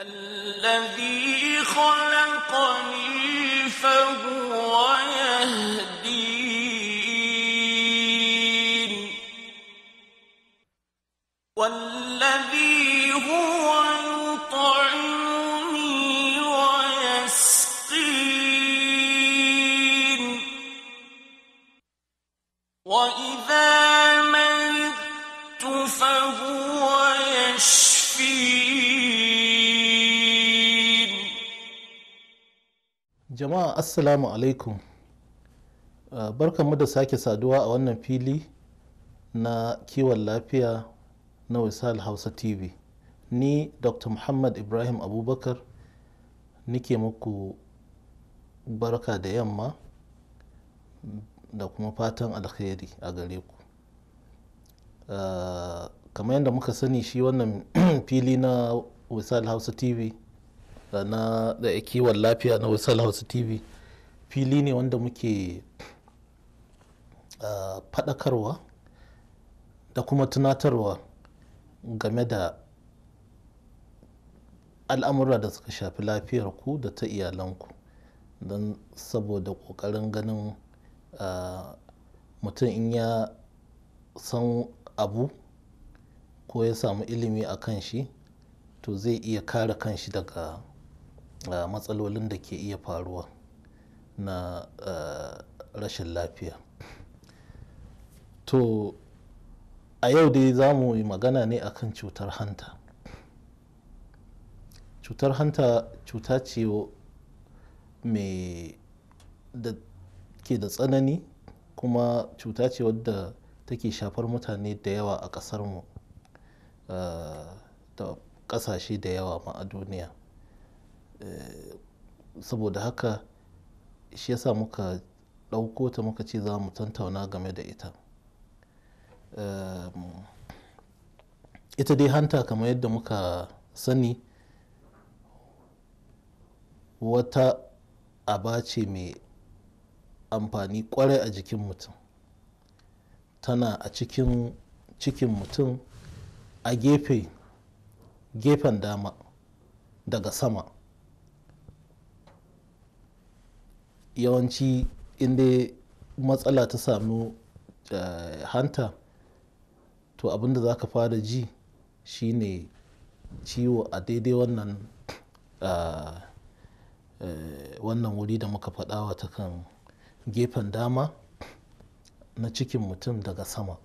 الذي خلقني فهو يهدين jama'a assalamu alaikum uh, mu da sake saduwa a wannan fili na kiwon lafiya na wisal hausa tv ni dr muhammad ibrahim abubakar nike muku barka da yamma da kuma fatan alkhairi a gare ku uh, kamar yadda muka sani shi wannan fili na wisal hausa tv na da kiwon lafiya na wasal hausa tv fili ne wanda muke ah, fadakarwa da kuma tunatarwa game da al'amura da suka shafi lafiyar ku da ta iyalanku don saboda ƙoƙarin ganin ah, mutum in ya san abu ko ya samu ilimi a kan shi to zai iya kare kan shi daga matsalolin da ke iya faruwa na eh, rashin lafiya to a yau dai za mu yi magana ne akan cutar hanta cutar hanta cuta ce mai da ke da tsanani kuma cuta ce wadda take shafar mutane da yawa a ƙasarmu eh, da ƙasashe da yawa ma a duniya Eh, saboda haka shi yasa muka ɗauko ta muka ce za mu tantauna game da ita ehm, ita dai hanta kamar yadda muka sani wata aba ce mai amfani kwarai a jikin mutum tana a cikin cikin mutum a gefe gefen dama daga sama yawanci in dai matsala ta samu eh, hanta to abinda za ka fara ji shine ciwo a daidai wannan eh, eh, wannan wuri da muka faɗawa ta kan gefen dama na cikin mutum daga sama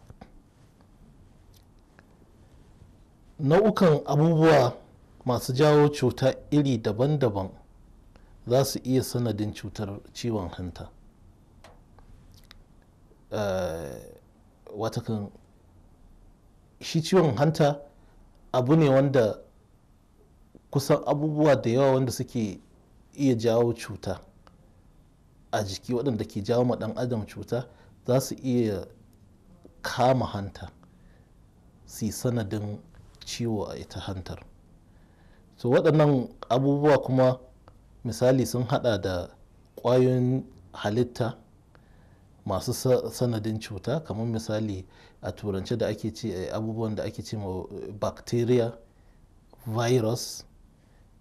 nau'ukan abubuwa masu jawo cuta iri daban-daban za su iya sanadin cutar ciwon hanta eh, watakan shi ciwon hanta abu ne wanda kusan abubuwa da yawa wanda suke iya jawo cuta a jiki waɗanda ke jawo ma ɗan adam cuta za su iya kama hanta su sanadin ciwo a ita hantar so waɗannan abubuwa kuma misali sun hada da kwayoyin halitta masu sanadin cuta kamar misali a turance da ake ce eh, abubuwan da ake ce ma eh, bacteria virus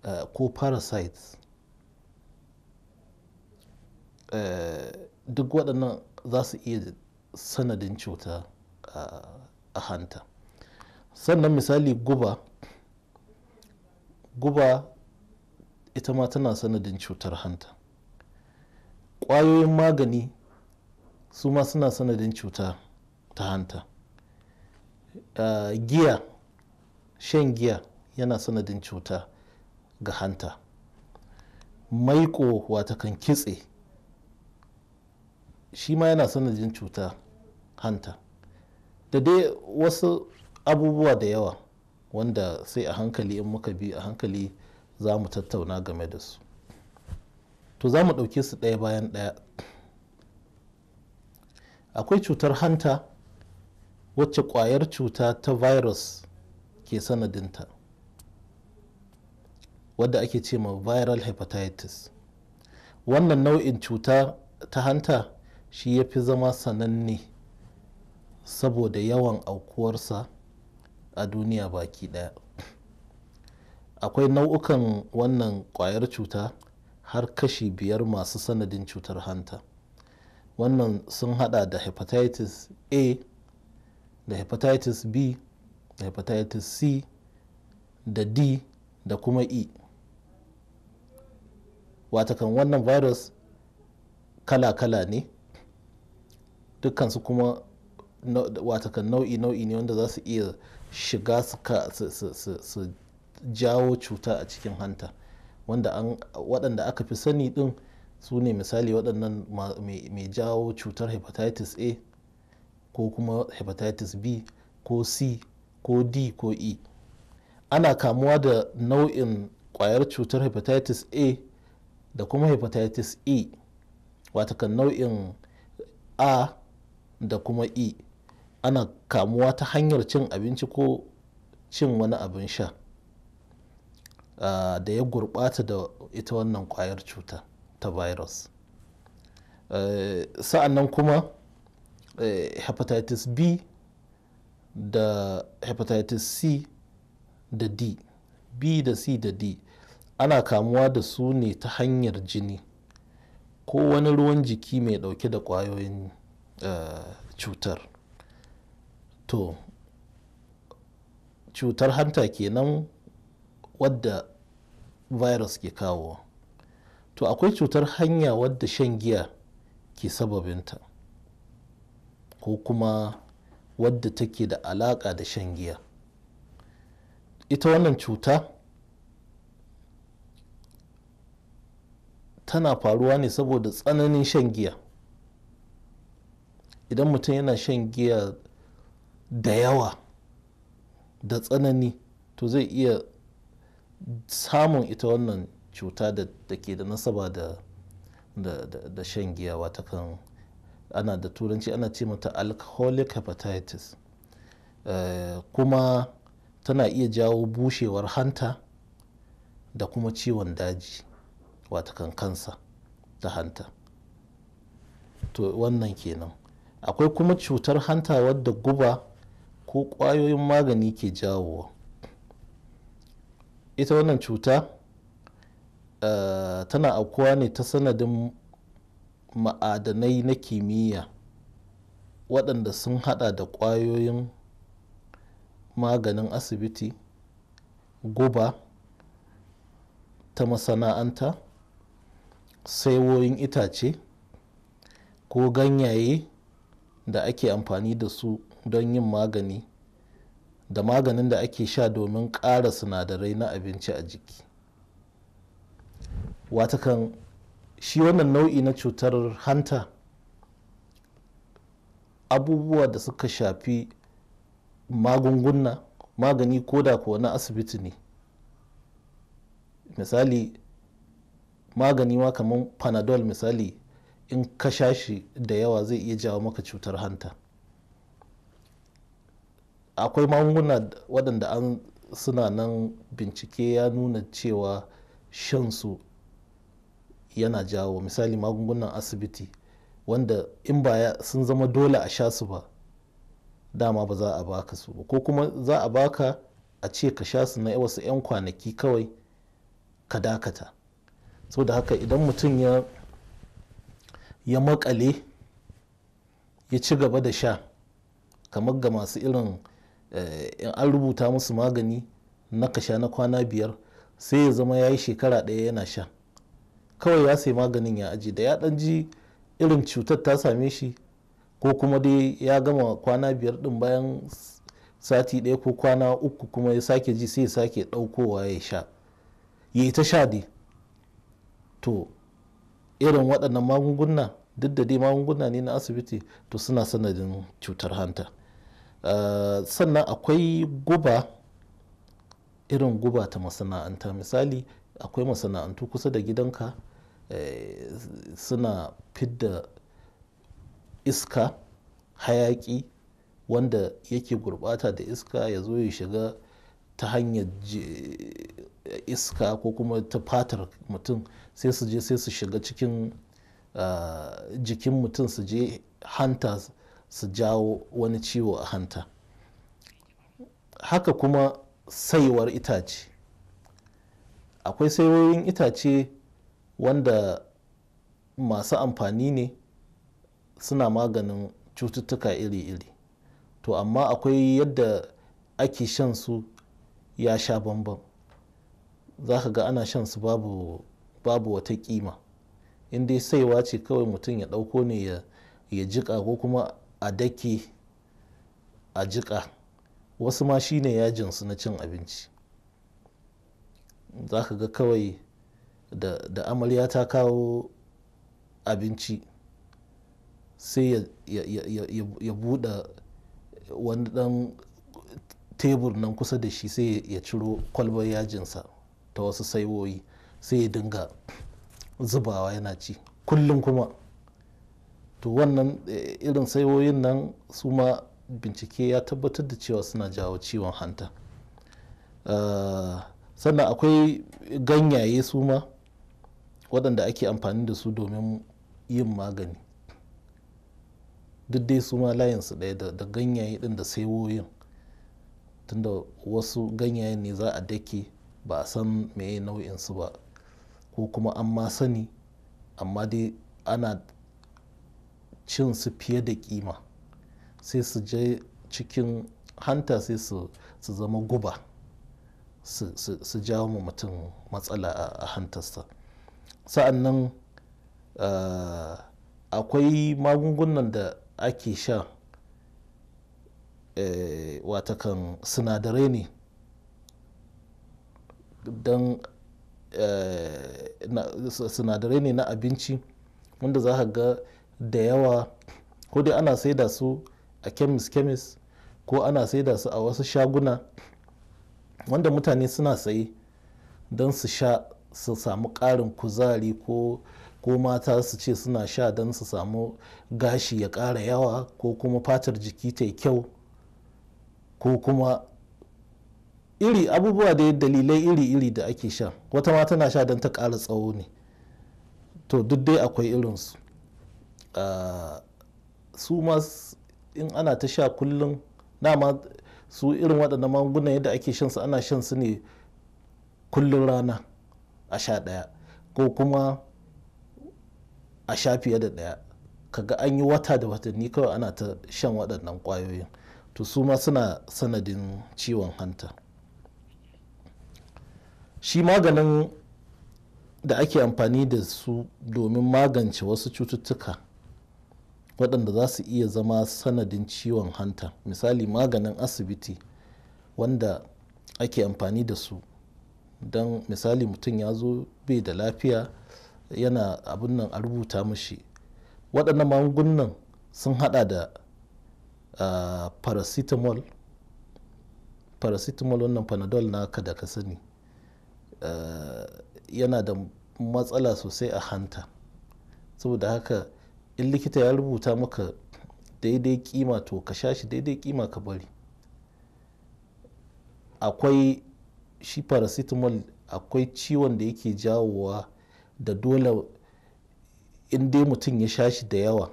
uh, ko parasites uh, duk waɗannan za su iya sanadin cuta uh, a hanta sannan misali guba guba ita ma tana sanadin cutar hanta ƙwayoyin magani su ma suna sanadin cuta ta hanta giya shan giya yana sanadin cuta ga hanta maiko kan kitse shi ma yana sanadin cuta hanta da dai wasu abubuwa da yawa wanda sai a hankali in muka bi a hankali za mu tattauna game da su to za mu ɗauke su ɗaya bayan ɗaya akwai cutar hanta wacce kwayar cuta ta virus ke sanadinta wadda ake ce ma viral hepatitis wannan nau'in cuta ta hanta shi ya fi zama sananne saboda yawan aukuwarsa a duniya baki ɗaya akwai nau'ukan wannan kwayar cuta har kashi biyar masu sanadin cutar hanta wannan sun hada da hepatitis a da hepatitis b da hepatitis c da d da kuma e watakan wannan virus kala-kala ne dukansu kuma watakan nau'i-nau'i ne wanda za su iya shiga su jawo cuta a cikin hanta wanda an waɗanda aka fi sani ɗin su ne misali waɗannan mai jawo cutar hepatitis a ko kuma hepatitis b ko c ko d ko e ana kamuwa da nau'in ƙwayar cutar hepatitis a da kuma hepatitis e watakan nau'in a da kuma e ana kamuwa ta hanyar cin abinci ko cin wani abin sha da ya gurɓata da ita wannan kwayar cuta ta virus e, sa'annan kuma e, hepatitis b da hepatitis c da d b da c da d ana kamuwa da su ne ta hanyar jini ko wani ruwan jiki mai ɗauke da kwayoyin e, cutar to cutar hanta kenan wadda virus ke kawo to akwai cutar hanya wadda shan giya ke sababinta ko kuma wadda take da alaƙa da shan giya ita wannan cuta tana faruwa ne saboda tsananin shan giya idan mutum yana shan giya da yawa da tsanani to zai iya samun ita wannan cuta da ke da nasaba da shan giya wata kan ana da turanci ana ce mata alcoholic hepatitis eh, kuma tana iya jawo bushewar hanta da kuma ciwon daji wata kan kansa ta hanta to wannan kenan akwai kuma cutar hanta wadda guba ko ƙwayoyin magani ke jawowa ita wannan cuta eh, tana aukuwa ne ta sanadin ma'adanai na kimiyya waɗanda sun hada da ƙwayoyin maganin asibiti guba ta masana'anta saiwoyin itace ko ganyaye da ake amfani da su don yin magani da maganin da ake sha domin ƙara sinadarai na abinci a jiki watakan shi wannan nau'i na cutar hanta abubuwa da suka shafi magunguna magani ko da kuwa na asibiti ne misali magani ma kamar panadol misali in ka sha shi da yawa zai iya jawo maka cutar hanta akwai magunguna waɗanda an suna nan bincike ya nuna cewa shan su yana jawo misali magungunan asibiti wanda in ba sun zama dole a sha su ba dama ba za a baka su ba ko kuma za a baka a ce ka sha su na wasu 'yan kwanaki kawai ka dakata so da haka idan mutum ya ya makale ya ci gaba da sha kamar ga masu irin Eh, in an rubuta musu magani na kasha na kwana biyar sai ya zama ya yi shekara ɗaya yana sha kawai ya sai maganin ya aji da ya ɗan ji irin cutar ta same shi ko kuma dai ya gama kwana biyar ɗin bayan sati ɗaya ko kwana uku kuma ya sake ji sai ya sake ɗaukowa ya sha ya ta sha dai to irin waɗannan magunguna duk da dai magunguna ne na asibiti to suna sanadin cutar hanta Eh, sannan akwai guba irin guba ta masana'anta misali akwai masana'antu kusa da gidanka eh, suna fidda iska hayaki wanda yake gurbata da iska ya zo ya shiga ta hanyar iska ko kuma ta fatar mutum sai su je sai su shiga cikin eh, jikin mutum su je hanta su jawo wani ciwo a hanta haka kuma saiwar itace akwai saiwoyin itace wanda masu amfani ne suna maganin cututtuka iri-iri to amma akwai yadda ake shan su ya sha bambam za ka ga ana shan su babu, babu wata kima inda saiwa ce kawai mutum ya ɗauko ne ya jika ko kuma a dake a jiƙa wasu ma shine yajinsu na cin abinci za ka ga kawai da, da amarya ta kawo abinci sai ya, ya, ya buɗe wani ɗan tebur nan kusa da shi sai ya ciro kwalbar yajinsa ta wasu saiwoyi sai ya dinga zubawa yana ci kullum kuma to wannan eh, irin saiwoyin nan su ma bincike ya tabbatar da cewa suna jawo ciwon hanta ah, sannan akwai ganyaye su ma waɗanda ake amfani da su domin yin magani duk dai su ma layinsu ɗaya da ganyaye ɗin da saiwoyin tunda wasu ganyaye ne za a dake ba a san me nau'in nau'insu ba ko kuma an ma sani amma dai ana cin su fiye da kima sai su je cikin hanta sai su zama guba su jawo mu mutum matsala a hantarsa sa'annan eh, akwai magungunan da ake sha eh, watakan sinadarai ne don eh, sinadarai ne na abinci wanda za ka ga da yawa ko dai ana saida su a kemis kemis ko ana saida su a wasu shaguna wanda mutane suna saye don su sha su samu ƙarin kuzari ko ko mata su ce suna sha don su samu gashi ya ƙara yawa ko kuma fatar jiki ta kyau ko kuma iri abubuwa da dalilai iri-iri da ake sha wata mata na sha don ta ƙara tsawo ne to duk dai akwai irinsu su ma in ana ta sha kullum dama su irin waɗannan magungunan yadda ake shan su ana shan su ne kullum rana a sha ɗaya ko kuma a sha fiye da ɗaya kaga an yi wata da watanni kawai ana ta shan waɗannan ƙwayoyin to su ma suna sanadin ciwon hanta shi maganin da ake amfani da su domin magance wasu cututtuka waɗanda za su iya zama sanadin ciwon hanta misali maganin asibiti wanda ake amfani da su don misali mutum ya zo bai da lafiya yana abin nan a rubuta mashi waɗannan magungunan sun hada da paracetamol paracetamol wannan panadol naka da ka sani yana da matsala sosai a hanta saboda haka in likita ya rubuta maka daidai kima to ka sha shi daidai kima ka bari akwai shi paracetamol akwai ciwon da yake jawowa da dole in dai mutum ya sha shi da yawa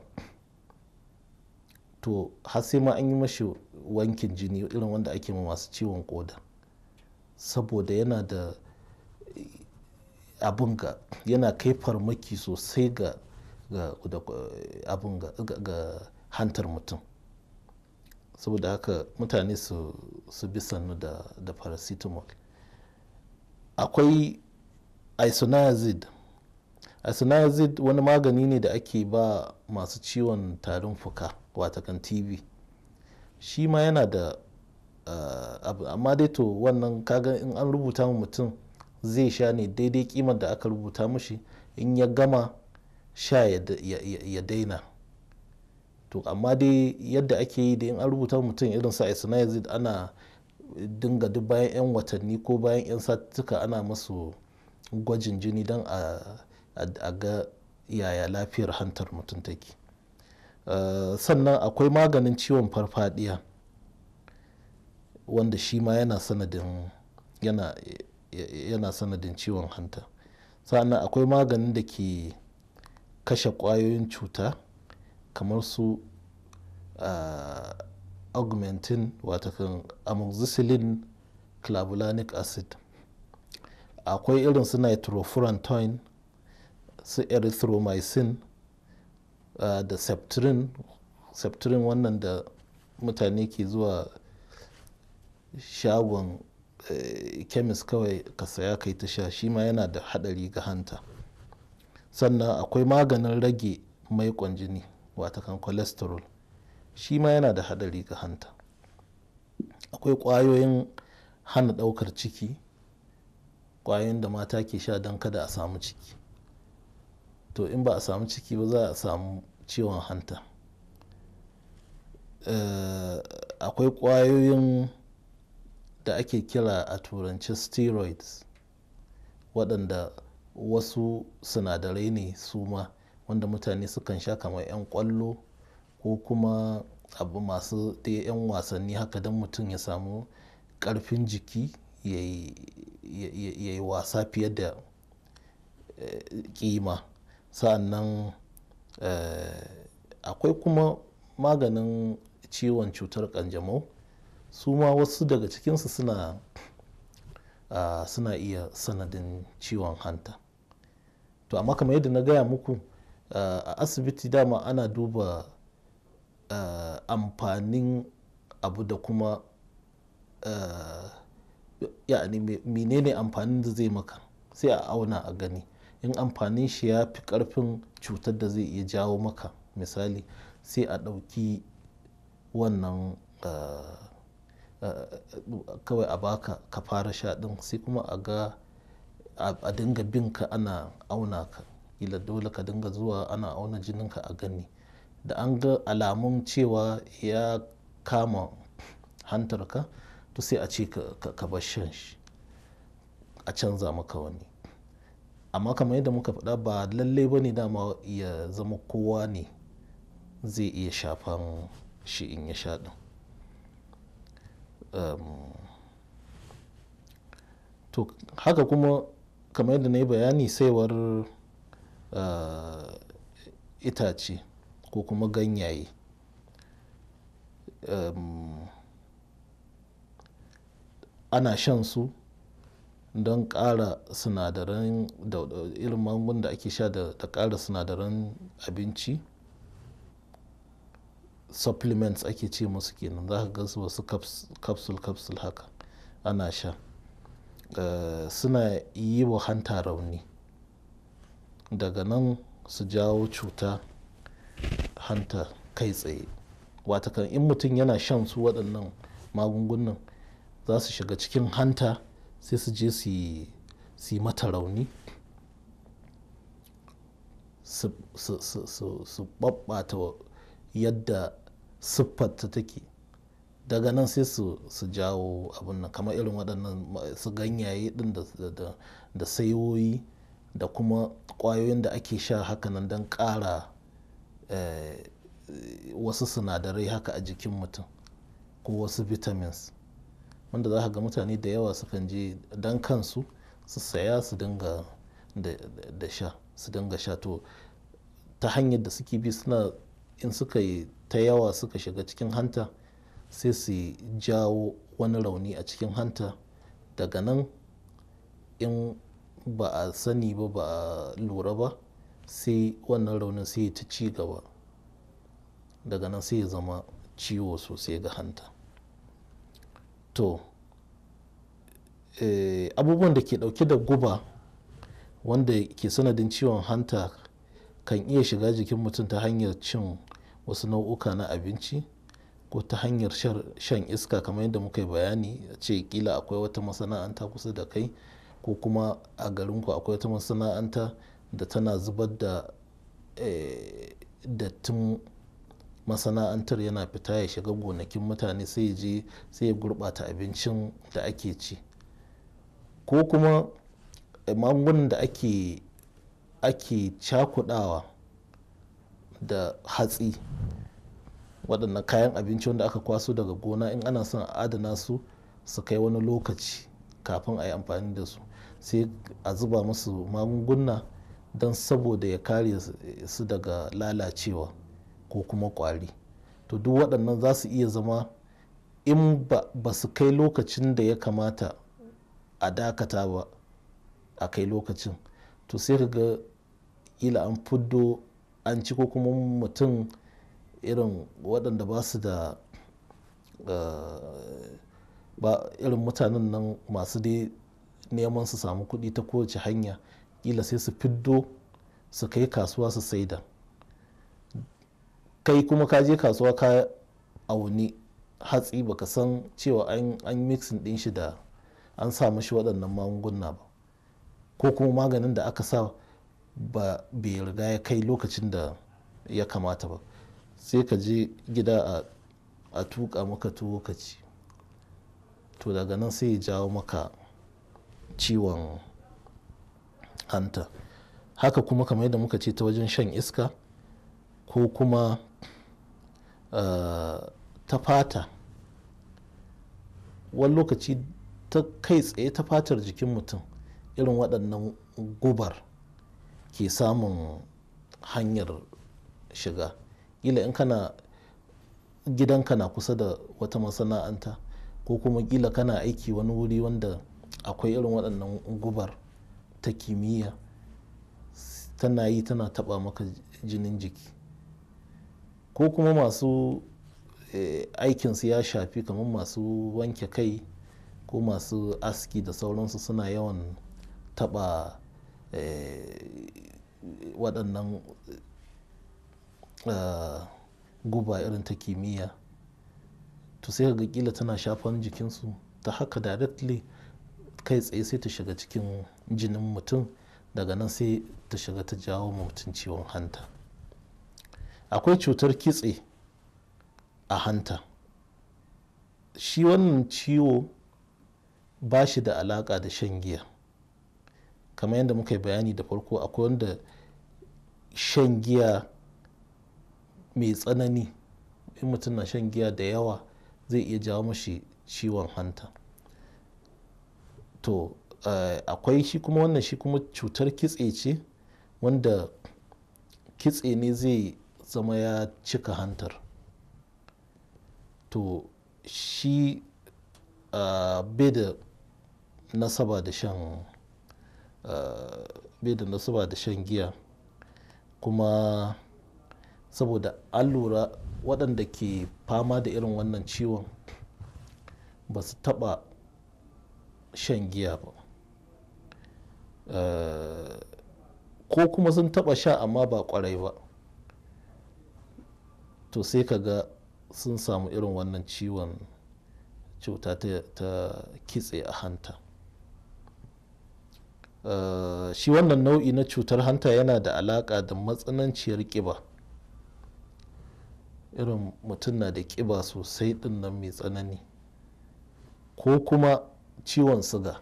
to har sai ma an yi mashi wankin jini irin wanda ake ma masu ciwon koda saboda yana da abin ga yana kai farmaki sosai ga ga hantar mutum saboda haka mutane su bi sannu da paracetamol akwai isoniazid isoniazid wani magani ne da ake ba masu ciwon tarin fuka watakan tv shi ma yana da eh, abu amma dai to wannan kaga in an rubuta mutum zai sha ne daidai kimar da aka rubuta mushi in ya gama sha ya daina to amma dai yadda ake yi da in an rubuta mutum irin sa isnazid ana dinga duk bayan 'yan watanni ko bayan 'yan satuka ana masu gwajin jini don a ga yaya lafiyar hantar mutum take eh, sannan akwai maganin ciwon farfadiya wanda shi ma yana sanadin yana sanadin ciwon hanta sannan akwai maganin da ke kashe ƙwayoyin cuta kamar su ah, augmentin watakan amoxicillin clavulanic acid akwai irin su nitrofurantoin su erythromycin ah, da septrin septrin wannan da mutane ke zuwa shagon kemis eh, kawai ka saya kai ta sha shi ma yana da haɗari ga hanta sannan akwai maganin rage mai jini watakan cholesterol shi ma yana da haɗari ga hanta akwai kwayoyin hana ɗaukar ciki ƙwayoyin da mata ke sha don kada a samu ciki to in ba a samu ciki ba za a samu ciwon hanta eh, akwai kwayoyin da ake kira a turanci steroids waɗanda wasu sinadarai ne su ma wanda mutane sukan sha kamar 'yan kwallo ko kuma abu masu da 'yan wasanni haka don mutum ya samu karfin jiki ya yi wasa fiye da eh, ƙima sa'annan eh, akwai kuma maganin ciwon cutar kanjamau su ma wasu daga cikinsu ah, suna iya sanadin ciwon hanta to amma kamar yadda na gaya muku a asibiti dama ana duba amfanin abu da kuma menene amfanin da zai maka sai a auna a gani in amfanin shi ya fi karfin cutar da zai iya jawo maka misali sai a ɗauki wannan kawai a baka ka fara sha ɗin sai kuma a ga a dinga bin ka ana auna ka ila dole ka dinga zuwa ana auna jinin ka a gani da an ga alamun cewa ya kama hantar ka to sai a ce ka bar shan shi a canza maka wani amma kamar yadda muka faɗa ba lallai ba ne dama ya zama kowa ne zai iya shafan shi in ya sha ɗin ehm, haka kuma kamar yadda na yi bayani saiwar eh, itace ko kuma ganyaye ana shan su don ƙara sinadaran da irin mangun da ake sha da ƙara sinadaran abinci supplements ake ce musu kenan za ka ga su wasu capsule capsule haka ana sha suna yi wa hanta rauni daga nan su jawo cuta hanta kai tsaye watakan in mutum yana shan su waɗannan magungunan za su shiga cikin hanta sai su je su yi mata rauni su ɓaɓɓata yadda siffarta take daga nan sai su su jawo abin nan kamar irin waɗannan su ganyaye ɗin da saiwoyi da kuma ƙwayoyin da ake sha haka nan don ƙara eh, wasu sinadarai haka a jikin mutum ko wasu vitamins wanda za ka ga mutane da yawa sukan je don kansu su saya su dinga da sha su dinga sha to ta hanyar da suke bi suna in suka yi ta yawa suka shiga cikin hanta sai su jawo wani rauni a cikin hanta daga nan in ba a sani ba ba a lura ba sai wannan raunin sai ya ta ci gaba daga nan sai ya zama ciwo sosai ga hanta to eh, abubuwan da ke dauke da guba wanda ke sanadin ciwon hanta kan iya shiga jikin mutum ta hanyar cin wasu nau'uka na abinci ko ta hanyar shan iska kamar yadda muka yi bayani a ce kila akwai wata masana'anta kusa da kai ko kuma a garinku akwai wata masana'anta da tana zubar da eh, dattin masana'antar yana fita ya shiga gonakin mutane sai ya je sai ya gurɓata abincin da ake ci ko kuma eh, magungunan da ake ake cakudawa da hatsi waɗannan kayan abinci wanda aka kwaso daga gona in ana son a adana su su kai wani lokaci kafin a yi amfani da su sai a zuba musu magunguna don saboda ya kare su daga lalacewa ko kuma ƙwari to duk waɗannan za su iya zama in ba su kai lokacin da ya kamata a dakata ba a kai lokacin to sai ka ga ila an fuddo an ci ko kuma mutum irin waɗanda ba su da eh, ba irin mutanen nan masu dai neman su samu kuɗi ta kowace hanya kila sai su fiddo su kai kasuwa su saida kai kuma ka je kasuwa ka auni hatsi baka san cewa an mixin ɗin shi da an sa mashi waɗannan magunguna ba ko kuma maganin da aka sa ba bai riga ya kai lokacin da ya kamata ba sai ka je gida a tuka maka tuwo ka ci to daga nan sai ya jawo maka ciwon hanta haka kuma kamar yadda muka ce ta wajen shan iska ko kuma eh, ta fata wani lokaci ta kai tsaye ta fatar jikin mutum irin waɗannan gubar ke samun hanyar shiga kila in kana gidanka na kusa da wata masana'anta ko kuma kila kana aiki wani wuri wanda akwai irin waɗannan gubar ta kimiyya tana yi tana taɓa maka jinin jiki ko kuma masu eh, aikinsu ya shafi kamar masu wanke kai ko masu aski da sauransu suna yawan taɓa eh, waɗannan Eh, guba irin ta kimiyya to sai ga kila tana shafan jikinsu ta haka directly kai tsaye sai ta shiga cikin jinin mutum daga nan sai ta shiga ta jawo mutum ciwon hanta akwai cutar kitse a hanta shi wannan ciwo ba shi da alaka da shan giya kamar yadda muka yi bayani da farko akwai wanda shan giya mai tsanani in mutum na shan giya da yawa zai iya jawo mashi ciwon hanta to eh, akwai shi kuma wannan shi kuma cutar kitse ce wanda kitse ne zai zama ya cika hantar to shi eh, bai da nasaba da shan eh, bai da nasaba da shan giya kuma saboda an lura waɗanda ke fama da irin wannan ciwon ba su taɓa shan giya ba eh, ko kuma sun taɓa sha amma ba ƙwarai ba to sai ka ga sun samu irin wannan ciwon cuta ta kitse a hanta eh, shi wannan nau'i na cutar hanta yana da alaƙa da matsananciyar ƙiba irin mutum na da ƙiba sosai ɗin nan mai tsanani ko kuma ciwon siga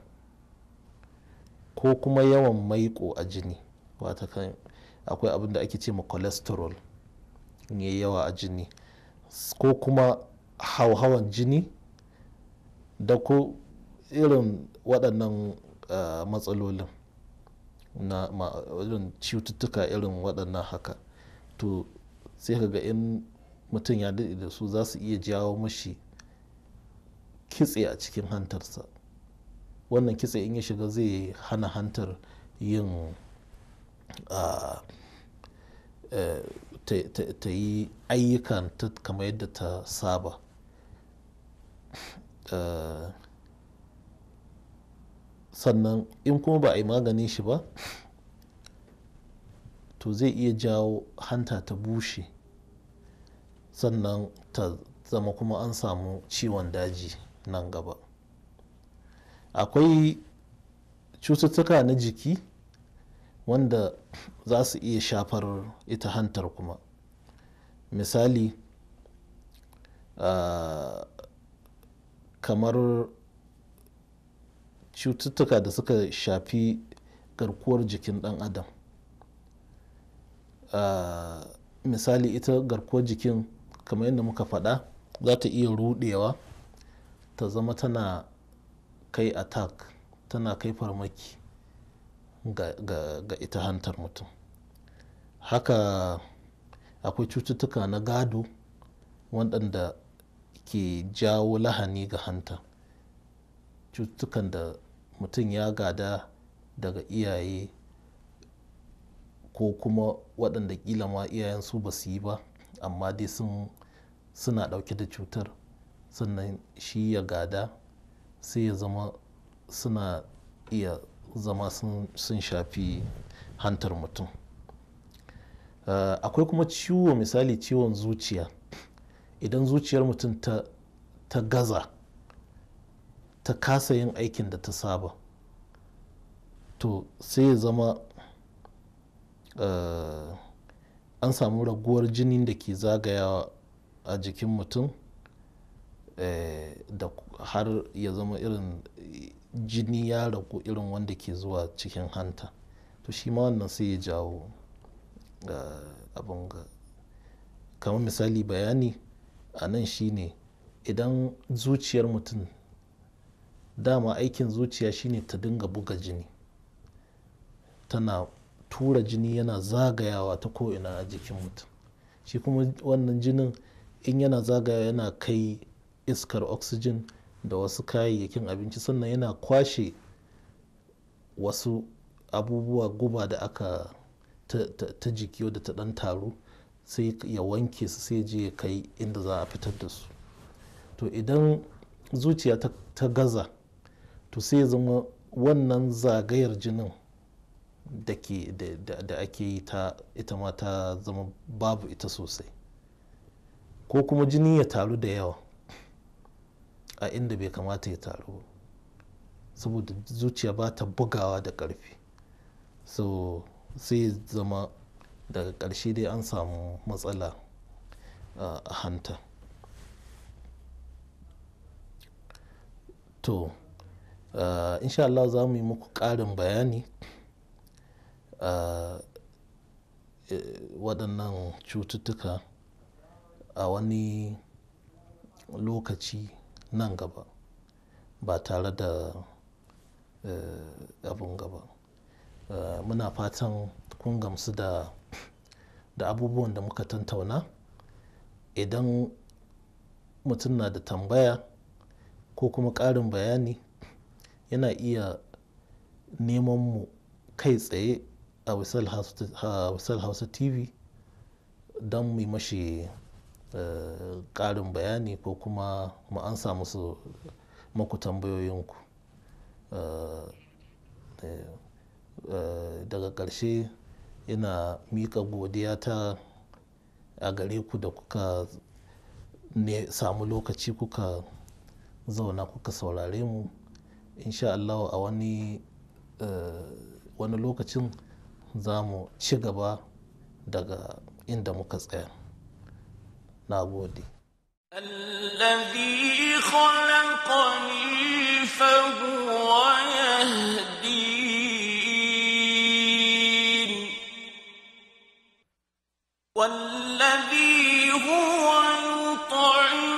ko kuma yawan maiko a jini watakan akwai abin da ake ce ma cholesterol ne yawa a jini ko kuma hauhawan jini da ko irin waɗannan ah, matsalolin na irin cututtuka irin waɗannan haka to sai ga in mutum ya daɗe da su za su iya jawo mashi kitse a cikin hantarsa wannan kitse in ya shiga zai hana hantar yin e, ta yi ayyukan ta kamar yadda ta saba e, sannan in kuma ba a yi maganin shi ba to zai iya jawo hanta ta bushe sannan ta zama kuma an samu ciwon daji nan gaba akwai cututtuka na jiki wanda za su iya shafar ita hantar kuma misali uh, kamar cututtuka da suka shafi garkuwar jikin dan adam uh, misali ita garkuwar jikin kamar yadda muka faɗa za ta iya rudewa ta zama tana kai attack tana kai farmaki ga, ga, ga ita hantar mutum haka akwai cututtuka na gado waɗanda ke jawo lahani ga hanta cututtukan da mutum ya gada daga iyaye ko kuma waɗanda ƙila ma iyayen su ba su yi ba amma dai sun suna ɗauke da cutar sannan shi ya gada sai ya zama suna iya zama sun shafi hantar mutum eh, akwai kuma ciwo misali ciwon zuciya idan zuciyar mutum ta gaza ta kasa yin aikin da ta saba to sai ya zama eh, an samu raguwar jini da ke zagayawa a jikin mutum eh, da har ya zama irin jini ya ragu irin wanda ke zuwa cikin hanta to shi ma wannan sai ya jawo eh, abin ga kamar misali bayani a nan ne idan zuciyar mutum dama aikin zuciya shine ta dinga buga jini tana tura jini yana zagayawa ta ko'ina a jikin mutum shi kuma wannan jinin in yana zagaya yana kai iskar oxygen da wasu kayayyakin abinci sannan yana kwashe wasu abubuwa guba da aka ta jiki da ta dan taru sai ya wanke su sai je ya kai inda za a fitar da su to idan zuciya ta gaza to sai zama wannan zagayar jinin da ake yi ta ita ma ta zama babu ita sosai ko kuma jini ya taru da yawa a inda bai kamata ya taru saboda zuciya ba ta bugawa da ƙarfi so sai zama daga ƙarshe dai an samu matsala a hanta to insha Allah za mu yi muku ƙarin bayani e, waɗannan cututtuka a wani lokaci nan gaba ba tare da eh, abin gaba eh, muna fatan kun gamsu da da abubuwan da muka tantauna idan mutum na da tambaya ko kuma ƙarin bayani yana iya neman mu kai tsaye a wisal hausa tv don mu mashi Eh, ƙarin bayani ko kuma mu an samu su maku tambayoyinku eh, eh, daga ƙarshe ina miƙa godiya ta a gare ku da kuka ne samu lokaci kuka zauna kuka saurare mu insha Allah a wani wani lokacin za mu ci gaba daga inda muka tsaya نابودي الذي خلقني فهو يهدين والذي هو يطعم